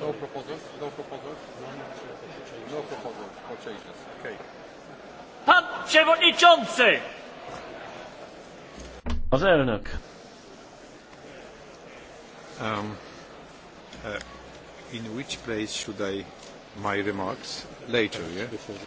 No proposals? No proposals? No proposals for changes. Okay. Pan Przewodniczący! Az elnök. Um, uh, in which place should I my remarks later, yeah?